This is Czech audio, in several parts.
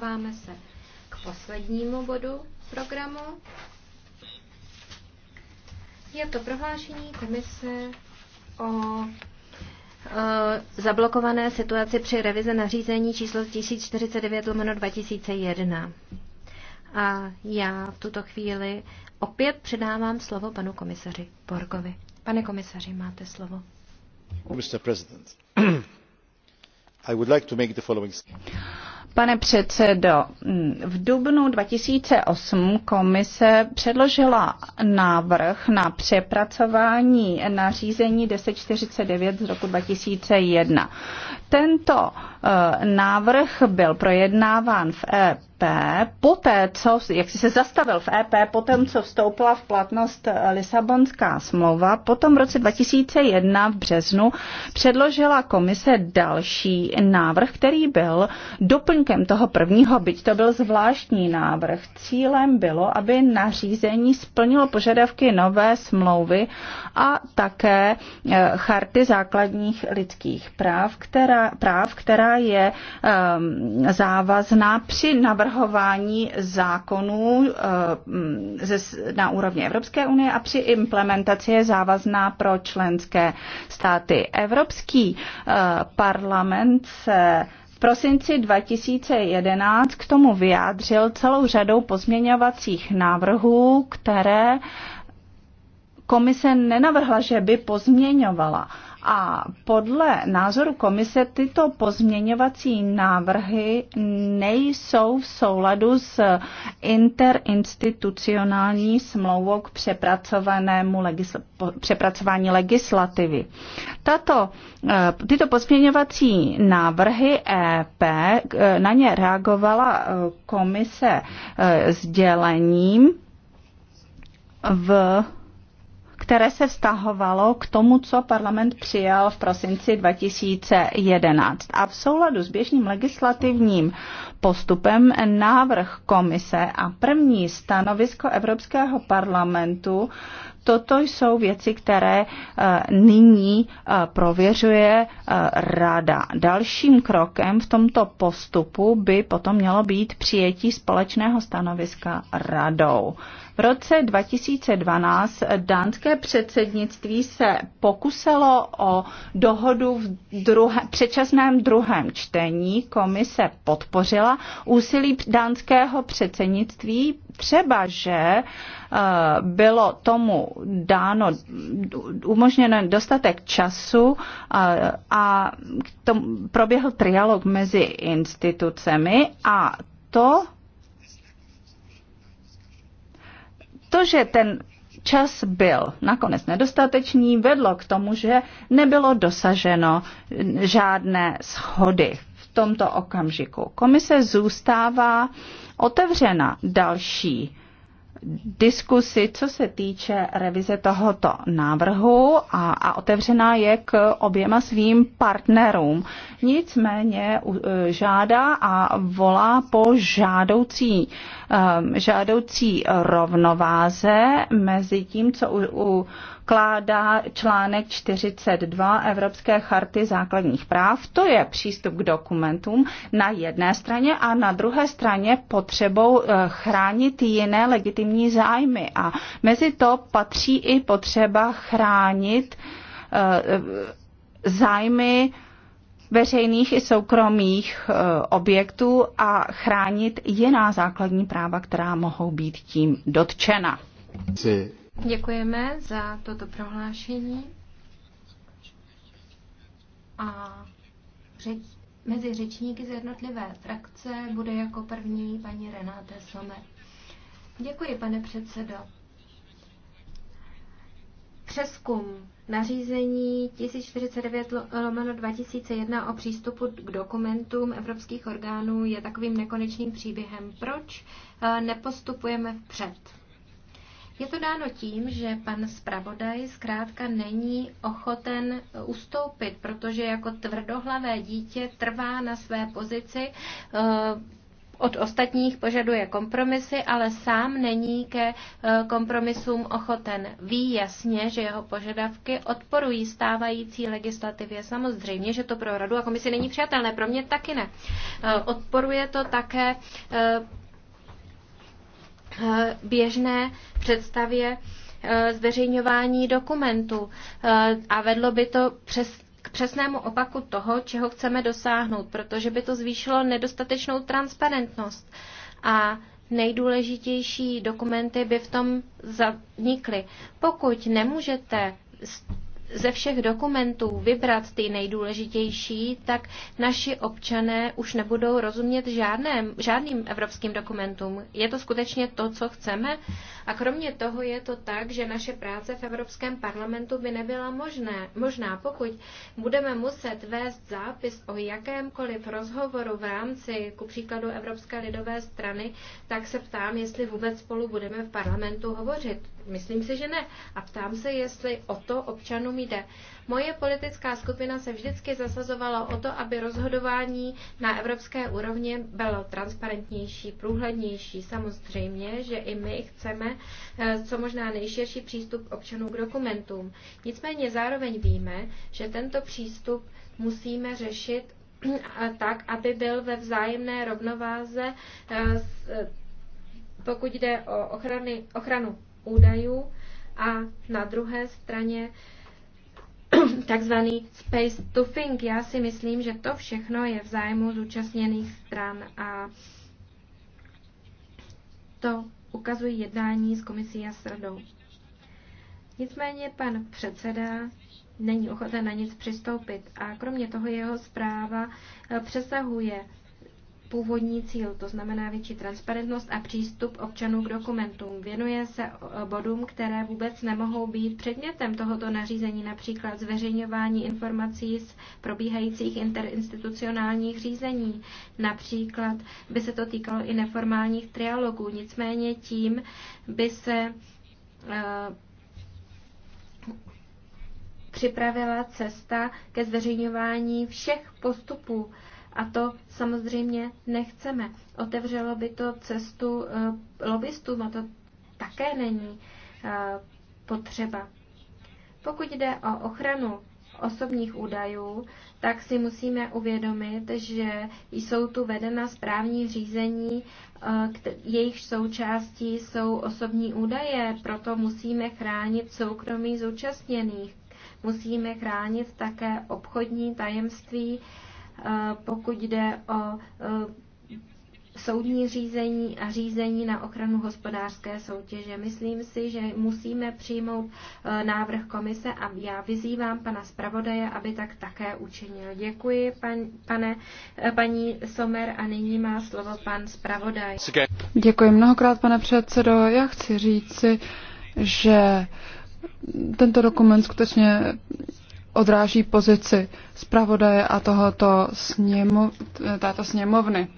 dostáváme se k poslednímu bodu programu. Je to prohlášení komise o e, zablokované situaci při revize nařízení číslo 1049 lomeno 2001. A já v tuto chvíli opět předávám slovo panu komisaři Borgovi. Pane komisaři, máte slovo. Mr. President, I would like to make the following... Pane předsedo, v dubnu 2008 komise předložila návrh na přepracování nařízení 1049 z roku 2001. Tento eh, návrh byl projednáván v EP EP poté, co, jak jsi se zastavil v EP, potom, co vstoupila v platnost e, Lisabonská smlouva, potom v roce 2001 v březnu předložila komise další návrh, který byl doplňkem toho prvního, byť to byl zvláštní návrh. Cílem bylo, aby nařízení splnilo požadavky nové smlouvy a také e, charty základních lidských práv, která, práv, která je um, závazná při navrhování navrhování zákonů eh, na úrovni Evropské unie a při implementaci je závazná pro členské státy. Evropský eh, parlament se prosinci 2011 k tomu vyjádřil celou řadou pozměňovacích návrhů, které komise nenavrhla, že by pozměňovala. Uh, a podle názoru komise tyto pozměňovací návrhy nejsou v souladu s interinstitucionální smlouvou k přepracovanému legisl- přepracování legislativy. Tato, eh, tyto pozměňovací návrhy EP, eh, na ně reagovala eh, komise sdělením v které se vztahovalo k tomu, co parlament přijal v prosinci 2011. A v souladu s běžným legislativním postupem návrh komise a první stanovisko Evropského parlamentu toto jsou věci, které eh, nyní eh, prověřuje eh, rada. Dalším krokem v tomto postupu by potom mělo být přijetí společného stanoviska radou. V roce 2012 dánské předsednictví se pokusilo o dohodu v druhé, předčasném druhém čtení. Komise podpořila úsilí dánského předsednictví, třeba že eh, bylo tomu dáno umožněno dostatek času eh, a k tomu proběhl trialog mezi institucemi a to To, že ten čas byl nakonec nedostatečný, vedlo k tomu, že nebylo dosaženo žádné schody v tomto okamžiku. Komise zůstává otevřena další diskusi, co se týče revize tohoto návrhu a, a otevřená je k oběma svým partnerům. Nicméně e, žádá a volá po žádoucí, e, žádoucí rovnováze mezi tím, co u, u zakládá článek 42 Evropské charty základních práv. To je přístup k dokumentům na jedné straně a na druhé straně potřebou eh, chránit jiné legitimní zájmy. A mezi to patří i potřeba chránit eh, zájmy veřejných i soukromých eh, objektů a chránit jiná základní práva, která mohou být tím dotčena. Děkujeme za toto prohlášení. A řeč, mezi řečníky z jednotlivé frakce bude jako první paní Renáte Some. Děkuji, pane předsedo. Přeskum nařízení 1049 lomeno 2001 o přístupu k dokumentům evropských orgánů je takovým nekonečným příběhem. Proč eh, nepostupujeme vpřed? Je to dáno tím, že pan zpravodaj zkrátka není ochoten ustoupit, protože jako tvrdohlavé dítě trvá na své pozici, eh, od ostatních požaduje kompromisy, ale sám není ke eh, kompromisům ochoten. Ví jasně, že jeho požadavky odporují stávající legislativě. Samozřejmě, že to pro radu a komisi není přijatelné, pro mě taky ne. Eh, odporuje to také Eh, běžné představě eh, zveřejňování dokumentů eh, a vedlo by to přes k přesnému opaku toho, čeho chceme dosáhnout, protože by to zvýšilo nedostatečnou transparentnost a nejdůležitější dokumenty by v tom zanikly. Pokud nemůžete ze všech dokumentů vybrat ty nejdůležitější, tak naši občané už nebudou rozumět žádném, žádným evropským dokumentům. Je to skutečně to, co chceme? A kromě toho je to tak, že naše práce v Evropském parlamentu by nebyla možné, možná, pokud budeme muset vést zápis o jakémkoliv rozhovoru v rámci, ku příkladu Evropské lidové strany, tak se ptám, jestli vůbec spolu budeme v parlamentu hovořit. Myslím si, že ne. A ptám se, jestli o to občanům jde. Moje politická skupina se vždycky zasazovala o to, aby rozhodování na evropské úrovni bylo transparentnější, průhlednější. Samozřejmě, že i my chceme eh, co možná nejširší přístup občanů k dokumentům. Nicméně zároveň víme, že tento přístup musíme řešit tak, aby byl ve vzájemné rovnováze, eh, eh, pokud jde o ochrany, ochranu údajů a na druhé straně takzvaný space stuffing. Já si myslím, že to všechno je v zájmu zúčastněných stran a to ukazují jednání s komisí a s radou. Nicméně pan předseda není ochoten na nic přistoupit a kromě toho jeho zpráva eh, přesahuje původní cíl, to znamená větší transparentnost a přístup občanů k dokumentům. Věnuje se eh, bodům, které vůbec nemohou být předmětem tohoto nařízení, například zveřejňování informací z probíhajících interinstitucionálních řízení. Například by se to týkalo i neformálních trialogů. Nicméně tím by se eh, připravila cesta ke zveřejňování všech postupů a to samozřejmě nechceme. Otevřelo by to cestu eh, lobbystům a to také není eh, potřeba. Pokud jde o ochranu osobních údajů, tak si musíme uvědomit, že jsou tu vedena správní řízení, eh, jejich součástí jsou osobní údaje, proto musíme chránit soukromí zúčastněných. Musíme chránit také obchodní tajemství Eh, pokud jde o eh, soudní řízení a řízení na ochranu hospodářské soutěže. Myslím si, že musíme přijmout eh, návrh komise a já vyzývám pana zpravodaje, aby tak také učinil. Děkuji, pan, pane, paní Somer, a nyní má slovo pan zpravodaj. Děkuji mnohokrát, pane předsedo. Já chci říci, že tento dokument skutečně odráží pozici zpravodaje a tohoto sněmo, této sněmovny.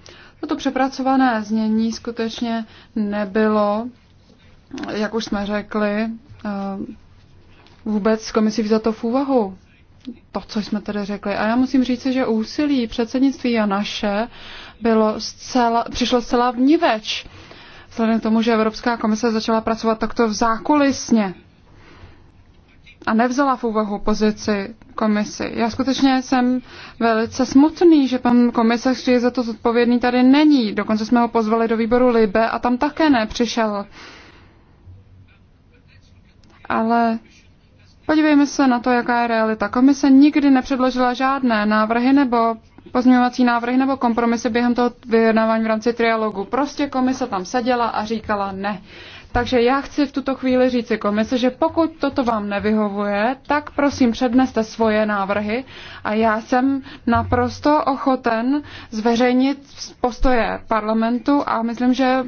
Toto přepracované znění skutečně nebylo, jak už jsme řekli, eh, vůbec s komisí vzato v úvahu. To, co jsme tedy řekli. A já musím říct, že úsilí předsednictví a naše bylo zcela, přišlo zcela vníveč. Vzhledem k tomu, že Evropská komise začala pracovat takto v zákulisně a nevzala v úvahu pozici komisi. Já skutečně jsem velice smutný, že pan komisař, který je za to zodpovědný, tady není. Dokonce jsme ho pozvali do výboru Libe a tam také nepřišel. Ale podívejme se na to, jaká je realita. Komise nikdy nepředložila žádné návrhy nebo pozměňovací návrhy nebo kompromisy během toho vyjednávání v rámci trialogu. Prostě komise tam seděla a říkala ne. Takže já chci v tuto chvíli říci komise, že pokud toto vám nevyhovuje, tak prosím předneste svoje návrhy a já jsem naprosto ochoten zveřejnit postoje parlamentu a myslím, že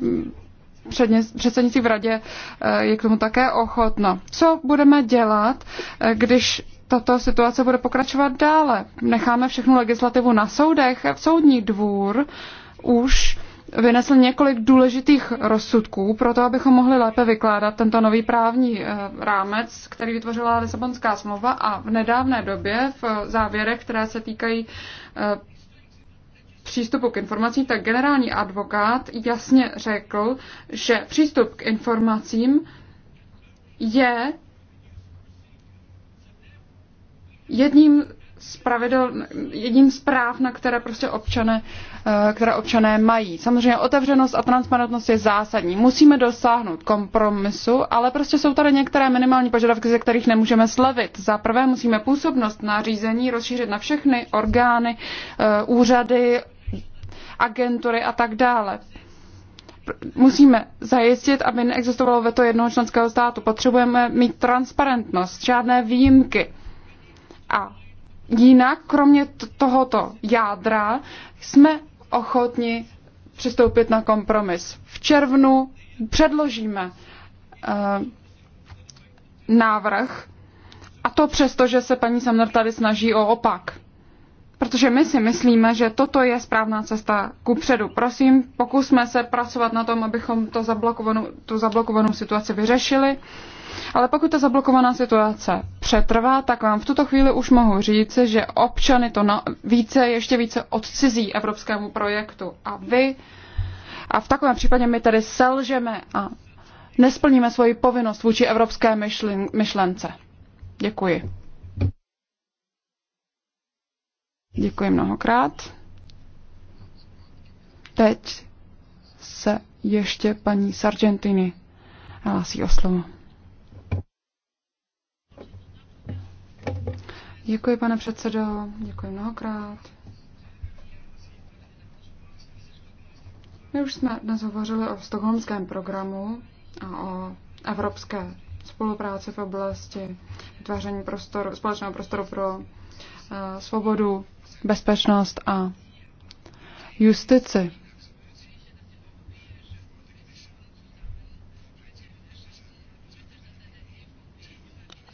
předsednictví v radě eh, je k tomu také ochotno. Co budeme dělat, eh, když tato situace bude pokračovat dále? Necháme všechnu legislativu na soudech, v soudní dvůr už vynesl několik důležitých rozsudků pro to, abychom mohli lépe vykládat tento nový právní eh, rámec, který vytvořila Lisabonská smlouva a v nedávné době v závěrech, které se týkají eh, přístupu k informacím, tak generální advokát jasně řekl, že přístup k informacím je jedním spravedl, jedním z práv, na které prostě občané, eh, které občané mají. Samozřejmě otevřenost a transparentnost je zásadní. Musíme dosáhnout kompromisu, ale prostě jsou tady některé minimální požadavky, ze kterých nemůžeme slevit. Za prvé musíme působnost nařízení rozšířit na všechny orgány, eh, úřady, agentury a tak dále musíme zajistit, aby neexistovalo veto jednoho členského státu. Potřebujeme mít transparentnost, žádné výjimky. A jinak, kromě tohoto jádra, jsme ochotni přistoupit na kompromis. V červnu předložíme eh, návrh, a to přesto, že se paní Samner tady snaží o opak protože my si myslíme, že toto je správná cesta ku předu. Prosím, pokusme se pracovat na tom, abychom to zablokovanou, tu zablokovanou situaci vyřešili. Ale pokud ta zablokovaná situace přetrvá, tak vám v tuto chvíli už mohu říct, že občany to na, více, ještě více odcizí evropskému projektu. A vy, a v takovém případě my tedy selžeme a nesplníme svoji povinnost vůči evropské myšlen, myšlence. Děkuji. Děkuji mnohokrát. Teď se ještě paní Sargentini hlásí o slovo. Děkuji, pane předsedo, děkuji mnohokrát. My už jsme dnes hovořili o stokholmském programu a o evropské spolupráci v oblasti vytváření prostoru, společného prostoru pro Eh, svobodu, bezpečnost a justici.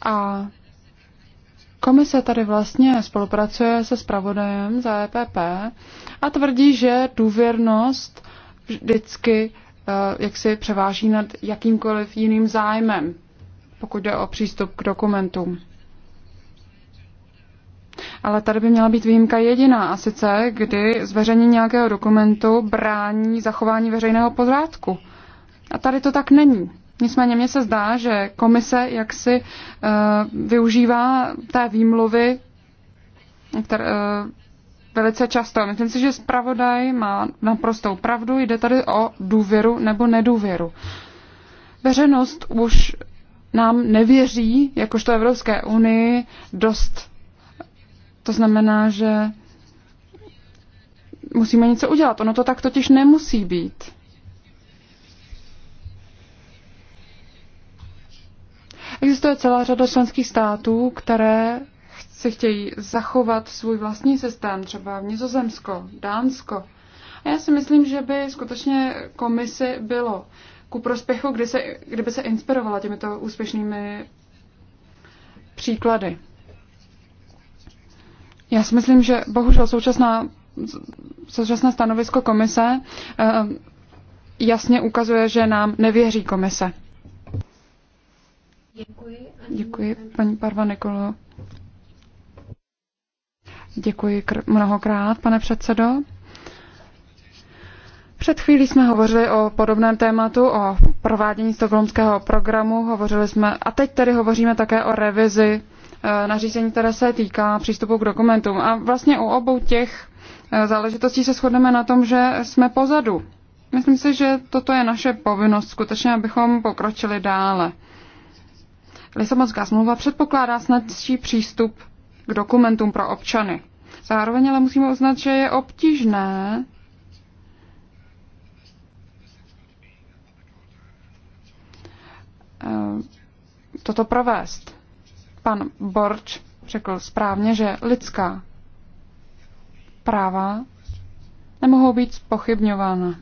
A komise tady vlastně spolupracuje se spravodajem za EPP a tvrdí, že důvěrnost vždycky eh, jak si převáží nad jakýmkoliv jiným zájmem, pokud jde o přístup k dokumentům ale tady by měla být výjimka jediná, a sice kdy zveřejnění nějakého dokumentu brání zachování veřejného pořádku. A tady to tak není. Nicméně mně se zdá, že komise jaksi uh, využívá té výmluvy které, uh, velice často. Myslím si, že zpravodaj má naprostou pravdu, jde tady o důvěru nebo nedůvěru. Veřejnost už nám nevěří, jakožto Evropské unii, dost to znamená, že musíme něco udělat. Ono to tak totiž nemusí být. Existuje celá řada členských států, které si chtějí zachovat svůj vlastní systém, třeba v Nizozemsko, Dánsko. A já si myslím, že by skutečně komisi bylo ku prospěchu, kdy se, kdyby se inspirovala těmito úspěšnými příklady. Já si myslím, že bohužel současná, současné stanovisko komise eh, jasně ukazuje, že nám nevěří komise. Děkuji. Děkuji, paní Parva Nikolo. Děkuji mnohokrát, pane předsedo. Před chvílí jsme hovořili o podobném tématu, o provádění stokholmského programu, hovořili jsme, a teď tedy hovoříme také o revizi Eh, nařízení, které se týká přístupu k dokumentům. A vlastně u obou těch eh, záležitostí se shodneme na tom, že jsme pozadu. Myslím si, že toto je naše povinnost skutečně, abychom pokročili dále. Lisabonská smlouva předpokládá snadší přístup k dokumentům pro občany. Zároveň ale musíme uznat, že je obtížné eh, toto provést. Pan Borč řekl správně, že lidská práva nemohou být pochybňována.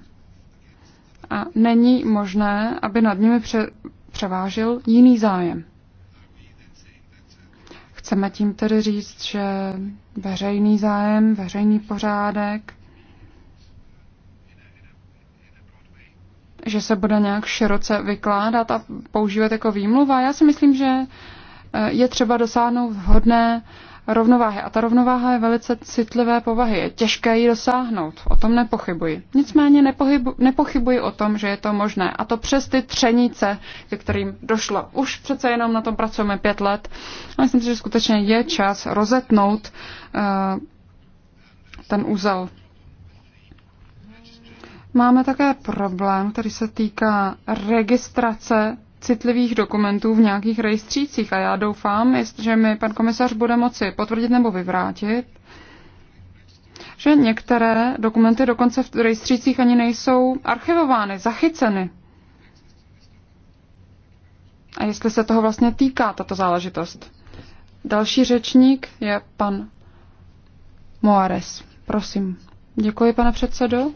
A není možné, aby nad nimi pře- převážil jiný zájem. Chceme tím tedy říct, že veřejný zájem, veřejný pořádek, že se bude nějak široce vykládat a používat jako výmluva. Já si myslím, že je třeba dosáhnout vhodné rovnováhy. A ta rovnováha je velice citlivé povahy. Je těžké ji dosáhnout, o tom nepochybuji. Nicméně nepohybu, nepochybuji o tom, že je to možné. A to přes ty třenice, ke kterým došlo. Už přece jenom na tom pracujeme pět let. A myslím si, že skutečně je čas rozetnout uh, ten úzel. Máme také problém, který se týká registrace citlivých dokumentů v nějakých rejstřících a já doufám, že mi pan komisař bude moci potvrdit nebo vyvrátit, že některé dokumenty dokonce v rejstřících ani nejsou archivovány, zachyceny. A jestli se toho vlastně týká tato záležitost. Další řečník je pan Moares. Prosím. Děkuji, pane předsedo.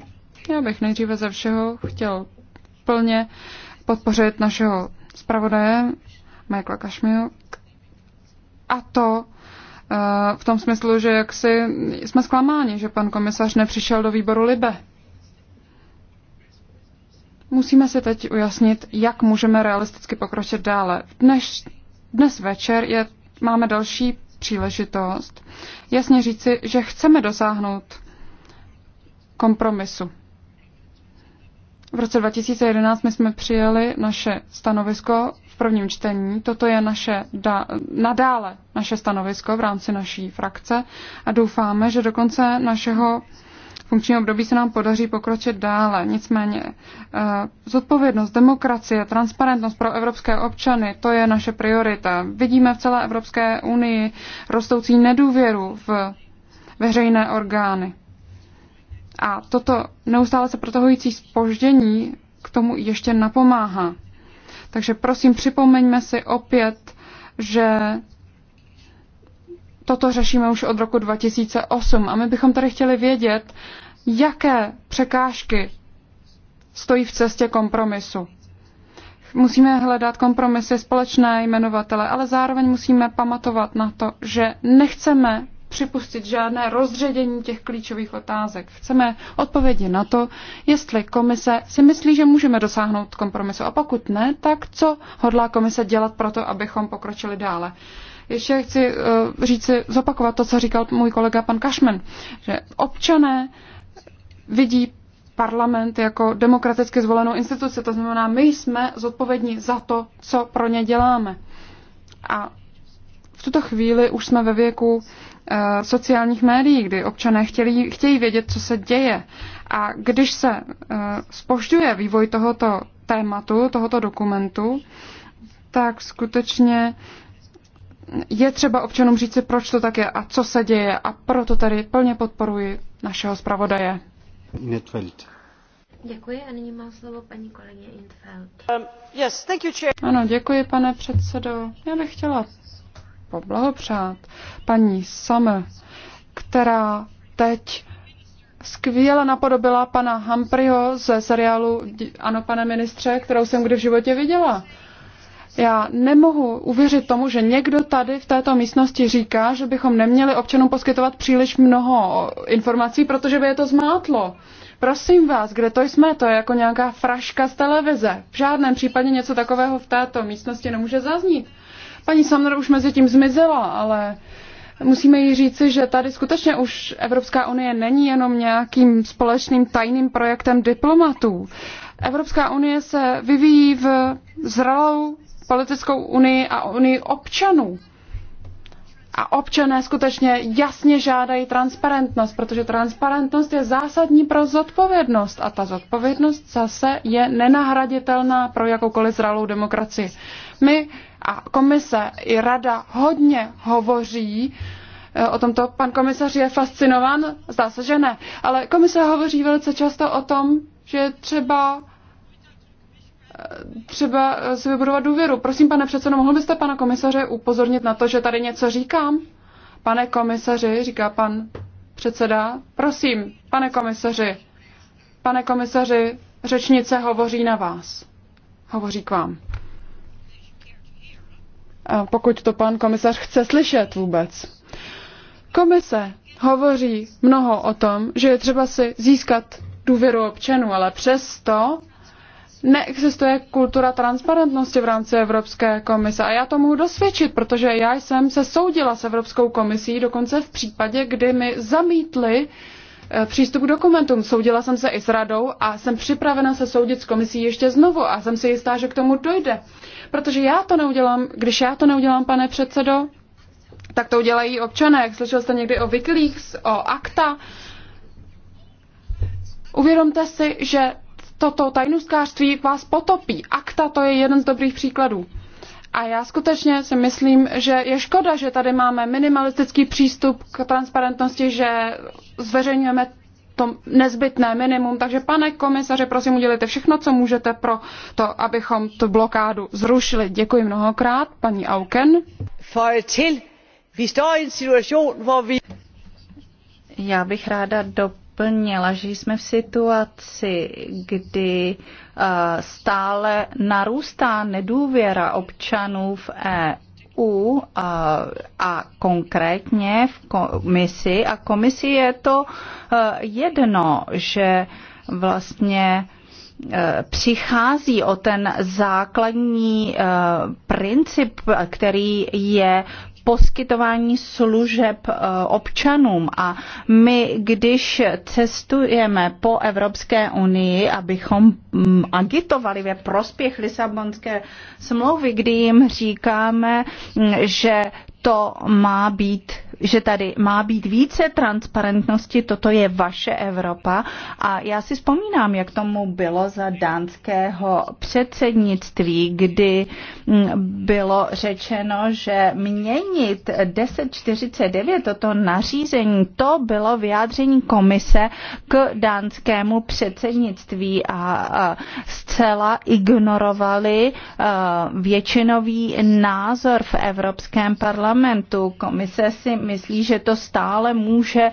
Já bych nejdříve ze všeho chtěl plně podpořit našeho zpravodaje Michaela Kašmiu a to eh, v tom smyslu, že jaksi jsme zklamáni, že pan komisař nepřišel do výboru Libe. Musíme si teď ujasnit, jak můžeme realisticky pokročit dále. Dnes, dnes večer je, máme další příležitost jasně říci, že chceme dosáhnout kompromisu. V roce 2011 my jsme přijeli naše stanovisko v prvním čtení. Toto je naše da, nadále naše stanovisko v rámci naší frakce a doufáme, že do konce našeho funkčního období se nám podaří pokročit dále. Nicméně eh, zodpovědnost, demokracie, transparentnost pro evropské občany, to je naše priorita. Vidíme v celé Evropské unii rostoucí nedůvěru v veřejné orgány. A toto neustále se protahující spoždění k tomu ještě napomáhá. Takže prosím, připomeňme si opět, že toto řešíme už od roku 2008 a my bychom tady chtěli vědět, jaké překážky stojí v cestě kompromisu. Musíme hledat kompromisy společné jmenovatele, ale zároveň musíme pamatovat na to, že nechceme připustit žádné rozředění těch klíčových otázek. Chceme odpovědi na to, jestli komise si myslí, že můžeme dosáhnout kompromisu a pokud ne, tak co hodlá komise dělat pro to, abychom pokročili dále. Ještě chci uh, eh, říci, zopakovat to, co říkal můj kolega pan Kašmen, že občané vidí parlament jako demokraticky zvolenou instituci. To znamená, my jsme zodpovědní za to, co pro ně děláme. A v tuto chvíli už jsme ve věku Eh, sociálních médií, kdy občané chtěli, chtějí vědět, co se děje. A když se spožďuje eh, vývoj tohoto tématu, tohoto dokumentu, tak skutečně je třeba občanům si, proč to tak je a co se děje. A proto tady plně podporuji našeho zpravodaje. Netfeld. Děkuji a nyní má slovo paní kolegyně Intfeld. Um, yes, thank you, chair. Ano, děkuji, pane předsedo. Já bych chtěla poblahopřát paní Summer, která teď skvěle napodobila pana Hampriho ze seriálu Ano, pane ministře, kterou jsem kdy v životě viděla. Já nemohu uvěřit tomu, že někdo tady v této místnosti říká, že bychom neměli občanům poskytovat příliš mnoho informací, protože by je to zmátlo. Prosím vás, kde to jsme? To je jako nějaká fraška z televize. V žádném případě něco takového v této místnosti nemůže zaznít. Paní Samner už mezi tím zmizela, ale musíme jí říci, že tady skutečně už Evropská unie není jenom nějakým společným tajným projektem diplomatů. Evropská unie se vyvíjí v zralou politickou unii a unii občanů. A občané skutečně jasně žádají transparentnost, protože transparentnost je zásadní pro zodpovědnost a ta zodpovědnost zase je nenahraditelná pro jakoukoliv zralou demokracii. My a komise i rada hodně hovoří eh, o tomto. Pan komisař je fascinován, zdá se, že ne, ale komise hovoří velice často o tom, že třeba eh, třeba eh, si vybudovat důvěru. Prosím, pane předsedo, mohl byste pana komisaře upozornit na to, že tady něco říkám? Pane komisaři, říká pan předseda, prosím, pane komisaři, pane komisaři, řečnice hovoří na vás. Hovoří k vám pokud to pan komisař chce slyšet vůbec. Komise hovoří mnoho o tom, že je třeba si získat důvěru občanů, ale přesto neexistuje kultura transparentnosti v rámci Evropské komise. A já to mohu dosvědčit, protože já jsem se soudila s Evropskou komisí dokonce v případě, kdy mi zamítli uh, Eh, přístup k dokumentům. Soudila jsem se i s radou a jsem připravena se soudit s komisí ještě znovu a jsem si jistá, že k tomu dojde. Protože já to neudělám, když já to neudělám, pane předsedo, tak to udělají občané. Jak slyšel jste někdy o Wikileaks, o akta? Uvědomte si, že toto tajnůstkářství vás potopí. Akta to je jeden z dobrých příkladů. A já skutečně si myslím, že je škoda, že tady máme minimalistický přístup k transparentnosti, že zveřejňujeme to nezbytné minimum. Takže pane komisaři, prosím, udělejte všechno, co můžete pro to, abychom tu blokádu zrušili. Děkuji mnohokrát, paní Auken. Já bych ráda doplnila, že jsme v situaci, kdy Eh, stále narůstá nedůvěra občanů v EU a, eh, a konkrétně v komisi. A komisi je to eh, jedno, že vlastně přichází o ten základní princip, který je poskytování služeb eh, občanům. A my, když cestujeme po Evropské unii, abychom mm, agitovali ve prospěch Lisabonské smlouvy, kdy jim říkáme, mm, že to má být, že tady má být více transparentnosti, toto je vaše Evropa. A já si vzpomínám, jak tomu bylo za dánského předsednictví, kdy mm, bylo řečeno, že mění měnit 1049, toto nařízení, to bylo vyjádření komise k dánskému předsednictví a zcela ignorovali většinový názor v Evropském parlamentu. Komise si myslí, že to stále může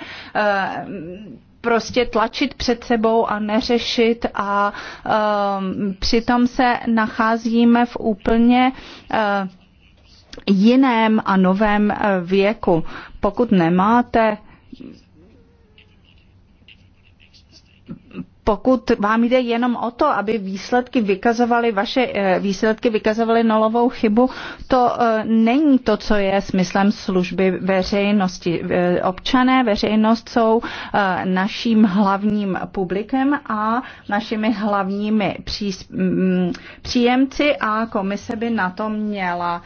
prostě tlačit před sebou a neřešit a um, přitom se nacházíme v úplně uh, jiném a novém eh, věku. Pokud nemáte pokud vám jde jenom o to, aby výsledky vykazovaly, vaše eh, výsledky vykazovaly nulovou chybu, to eh, není to, co je smyslem služby veřejnosti. Eh, občané, veřejnost jsou naším hlavním publikem a našimi hlavními mm, příjemci a komise by na to měla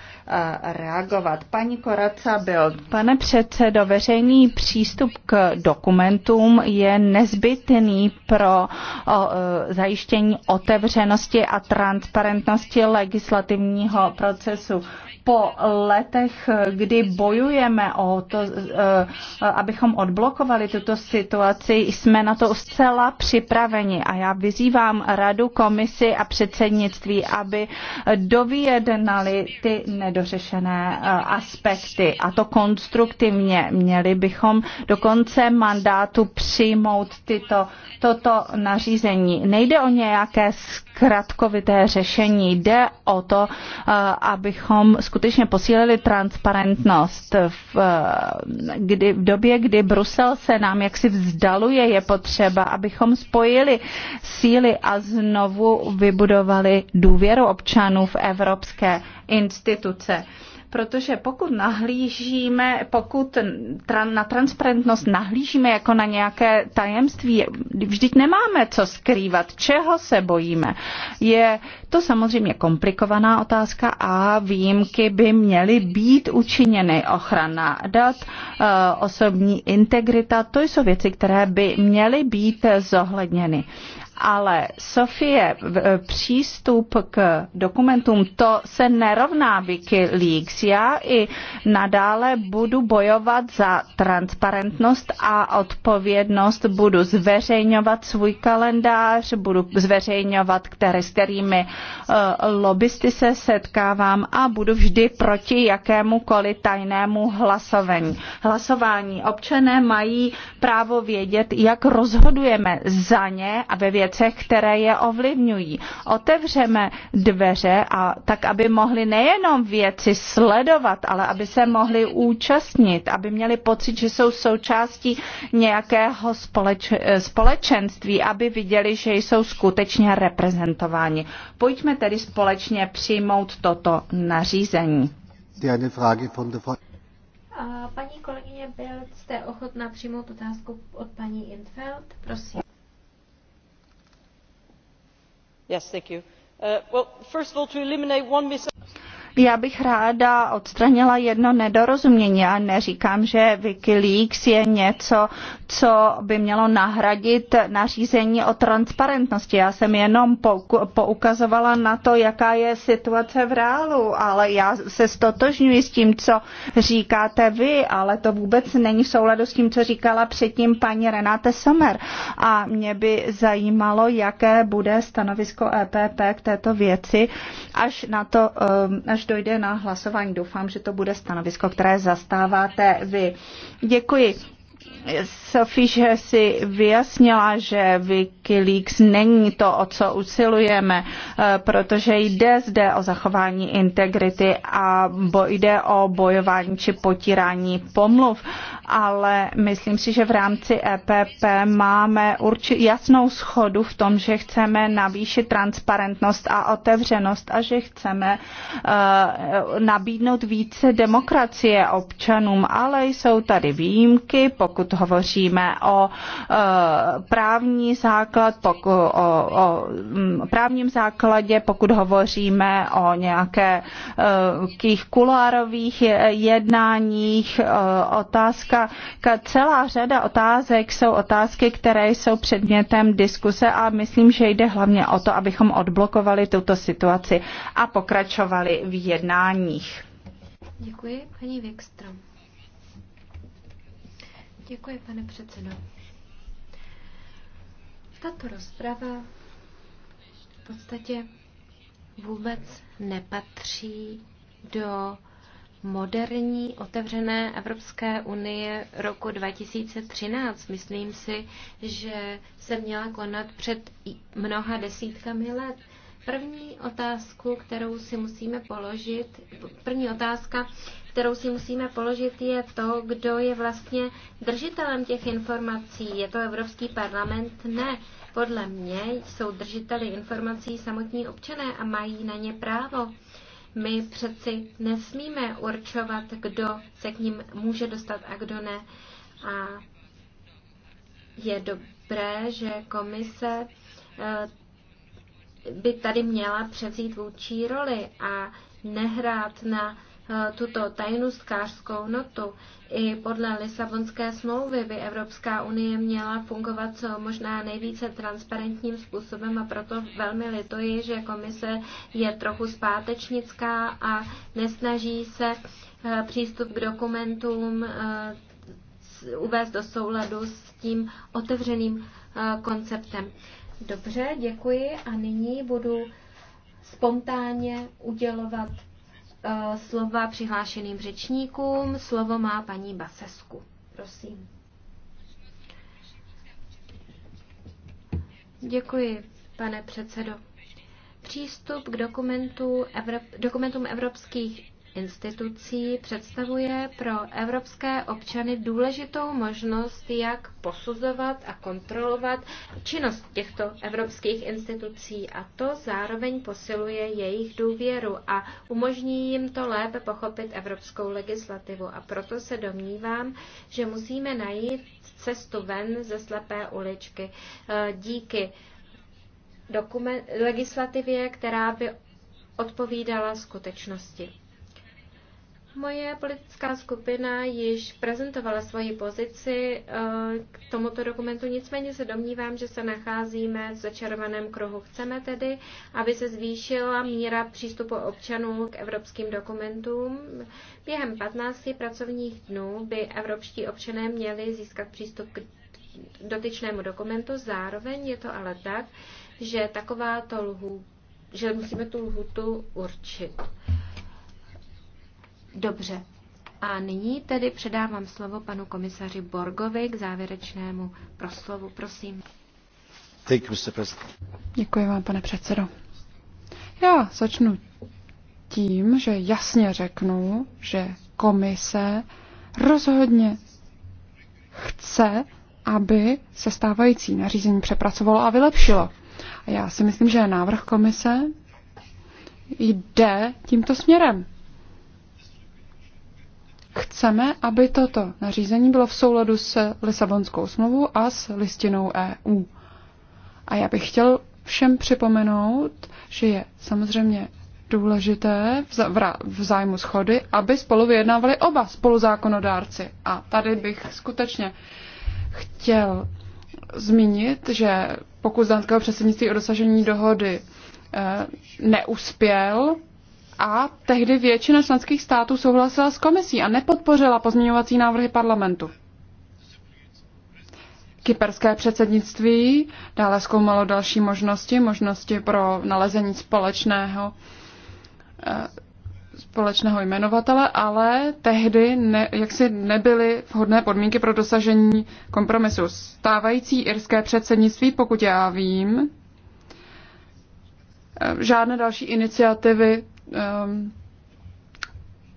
reagovat. Paní Koraca byl, pane předsedo, veřejný přístup k dokumentům je nezbytný pro o, o zajištění otevřenosti a transparentnosti legislativního procesu po letech, kdy bojujeme o to, e, e, abychom odblokovali tuto situaci, jsme na to zcela připraveni. A já vyzývám radu, komisi a předsednictví, aby dovyjednali ty nedořešené e, aspekty. A to konstruktivně. Měli bychom do konce mandátu přijmout tyto, toto nařízení. Nejde o nějaké zkratkovité řešení, jde o to, eh, abychom skutečně posílili transparentnost. V, eh, kdy, v době, kdy Brusel se nám jaksi vzdaluje, je potřeba, abychom spojili síly a znovu vybudovali důvěru občanů v evropské instituce. Uh, protože pokud nahlížíme, pokud na transparentnost nahlížíme jako na nějaké tajemství, vždyť nemáme co skrývat, čeho se bojíme. Je to samozřejmě komplikovaná otázka a výjimky by měly být učiněny. Ochrana dat, eh, osobní integrita, to jsou věci, které by měly být zohledněny ale Sofie, eh, přístup k dokumentům, to se nerovná Wikileaks. Já i nadále budu bojovat za transparentnost a odpovědnost, budu zveřejňovat svůj kalendář, budu zveřejňovat, které, s kterými uh, lobbysty se setkávám a budu vždy proti jakémukoliv tajnému hlasování. hlasování. Občané mají právo vědět, jak rozhodujeme za ně a ve věci věcech, které je ovlivňují. Otevřeme dveře a tak, aby mohli nejenom věci sledovat, ale aby se mohli účastnit, aby měli pocit, že jsou součástí nějakého společ, společenství, aby viděli, že jsou skutečně reprezentováni. Pojďme tedy společně přijmout toto nařízení. paní kolegyně, byl jste ochotná přijmout otázku od paní Infeld? Prosím. Uh, first of all to eliminate one misunderstanding i think is important. Já bych ráda odstranila jedno nedorozumění. Já neříkám, že Wikileaks je něco, co by mělo nahradit nařízení o transparentnosti. Já jsem jenom poukazovala na to, jaká je situace v reálu, ale já se stotožňuji s tím, co říkáte vy, ale to vůbec není v souladu s tím, co říkala předtím paní Renáte Sommer. A mě by zajímalo, jaké bude stanovisko EPP k této věci, až na to, um, až dojde na hlasování. Doufám, že to bude stanovisko, které zastáváte vy. Děkuji. Sophie, že si vyjasnila, že Wikileaks není to, o co usilujeme, eh, protože jde zde o zachování integrity a jde o bojování či potírání pomluv ale myslím si, že v rámci EPP máme určit jasnou schodu v tom, že chceme navýšit transparentnost a otevřenost a že chceme uh, nabídnout více demokracie občanům, ale jsou tady výjimky, pokud hovoříme o uh, právní základ, poku, o, o m, mm, právním základě, pokud hovoříme o nějaké uh, eh, kulárových jednáních, uh, otázka otázka, celá řada otázek jsou otázky, které jsou předmětem diskuse a myslím, že jde hlavně o to, abychom odblokovali tuto situaci a pokračovali v jednáních. Děkuji, paní Wikström. Děkuji, pane předsedo. Tato rozprava v podstatě vůbec nepatří do moderní otevřené Evropské unie roku 2013. Myslím si, že se měla konat před mnoha desítkami let. První otázku, kterou si musíme položit, první otázka, kterou si musíme položit, je to, kdo je vlastně držitelem těch informací. Je to Evropský parlament? Ne. Podle mě jsou držiteli informací samotní občané a mají na ně právo. My přeci nesmíme určovat, kdo se k ním může dostat a kdo ne. A je dobré, že komise eh, by tady měla převzít vůči roli a nehrát na Eh, tuto tajnostkářskou notu. I podle Lisabonské smlouvy by Evropská unie měla fungovat co možná nejvíce transparentním způsobem a proto velmi lituji, že komise je trochu zpátečnická a nesnaží se eh, přístup k dokumentům eh, uvést do souladu s tím otevřeným konceptem. Dobře, děkuji a nyní budu spontánně udělovat Eh, slova přihlášeným řečníkům. Slovo má paní Basesku. Prosím. Děkuji, pane předsedo. Přístup k dokumentu Evrop, dokumentům evropských institucí představuje pro evropské občany důležitou možnost, jak posuzovat a kontrolovat činnost těchto evropských institucí a to zároveň posiluje jejich důvěru a umožní jim to lépe pochopit evropskou legislativu. A proto se domnívám, že musíme najít cestu ven ze slepé uličky e, díky legislativě, která by odpovídala skutečnosti. Moje politická skupina již prezentovala svoji pozici eh, k tomuto dokumentu, nicméně se domnívám, že se nacházíme v začarovaném kruhu. Chceme tedy, aby se zvýšila míra přístupu občanů k evropským dokumentům. Během 15 pracovních dnů by evropští občané měli získat přístup k dotyčnému dokumentu. Zároveň je to ale tak, že takováto lhů, že musíme tu lhutu určit. Dobře. A nyní tedy předávám slovo panu komisaři Borgovi k závěrečnému proslovu. Prosím. Děkuji vám, pane předsedo. Já začnu tím, že jasně řeknu, že komise rozhodně chce, aby se stávající nařízení přepracovalo a vylepšilo. A já si myslím, že návrh komise jde tímto směrem. Chceme, aby toto nařízení bylo v souladu s Lisabonskou smlouvou a s listinou EU. A já bych chtěl všem připomenout, že je samozřejmě důležité v zájmu schody, aby spolu vyjednávali oba spoluzákonodárci. A tady bych skutečně chtěl zmínit, že pokud z dánského předsednictví o dosažení dohody eh, neuspěl, a tehdy většina členských států souhlasila s komisí a nepodpořila pozměňovací návrhy parlamentu. Kyperské předsednictví dále zkoumalo další možnosti, možnosti pro nalezení společného eh, společného jmenovatele, ale tehdy ne, jaksi nebyly vhodné podmínky pro dosažení kompromisu. Stávající irské předsednictví, pokud já vím, eh, žádné další iniciativy Um,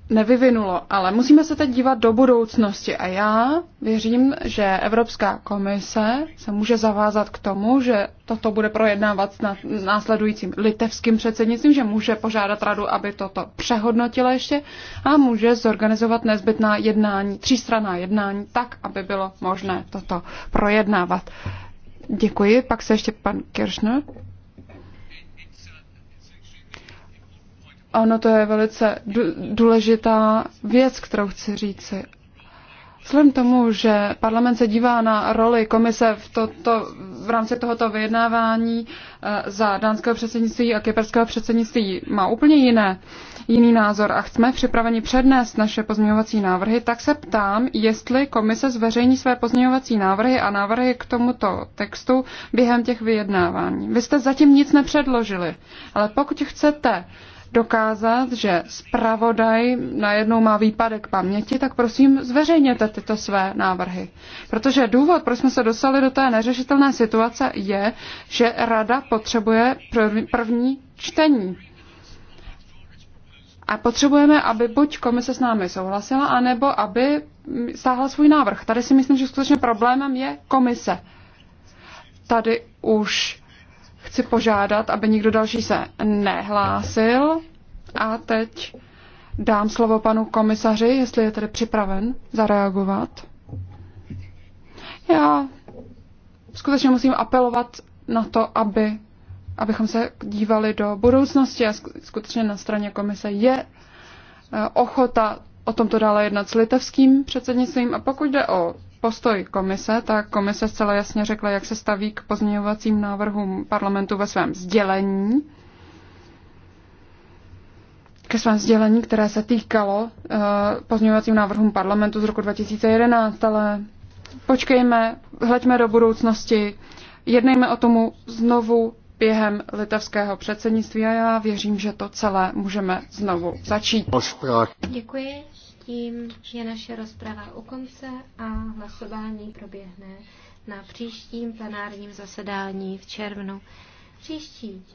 nevyvinulo. Ale musíme se teď dívat do budoucnosti a já věřím, že Evropská komise se může zavázat k tomu, že toto bude projednávat s následujícím litevským předsednictvím, že může požádat radu, aby toto přehodnotila ještě a může zorganizovat nezbytná jednání, třístraná jednání, tak, aby bylo možné toto projednávat. Děkuji. Pak se ještě pan Kiršner. Ano, to je velice důležitá věc, kterou chci říci. Vzhledem tomu, že parlament se dívá na roli komise v, toto, v rámci tohoto vyjednávání eh, za dánského předsednictví a kyperského předsednictví má úplně jiné, jiný názor a jsme připraveni přednést naše pozměňovací návrhy, tak se ptám, jestli komise zveřejní své pozměňovací návrhy a návrhy k tomuto textu během těch vyjednávání. Vy jste zatím nic nepředložili, ale pokud chcete dokázat, že zpravodaj najednou má výpadek paměti, tak prosím zveřejněte tyto své návrhy. Protože důvod, proč jsme se dostali do té neřešitelné situace, je, že rada potřebuje první čtení. A potřebujeme, aby buď komise s námi souhlasila, anebo aby stáhla svůj návrh. Tady si myslím, že skutečně problémem je komise. Tady už chci požádat, aby nikdo další se nehlásil. A teď dám slovo panu komisaři, jestli je tedy připraven zareagovat. Já skutečně musím apelovat na to, aby, abychom se dívali do budoucnosti a skutečně na straně komise je eh, ochota o tomto dále jednat s litevským předsednictvím. A pokud jde o postoj komise, tak komise zcela jasně řekla, jak se staví k pozměňovacím návrhům parlamentu ve svém sdělení ke svém sdělení, které se týkalo uh, pozměňovacím návrhům parlamentu z roku 2011, ale počkejme, hleďme do budoucnosti, jednejme o tomu znovu během litevského předsednictví a já věřím, že to celé můžeme znovu začít. Děkuji tím je naše rozprava u konce a hlasování proběhne na příštím plenárním zasedání v červnu. Příští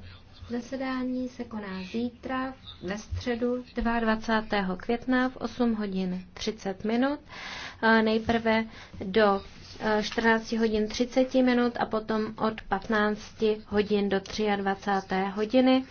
zasedání se koná zítra ve středu 22. května v 8 hodin 30 minut. Nejprve do 14 e, hodin 30 minut a potom od 15 hodin do 23 hodiny.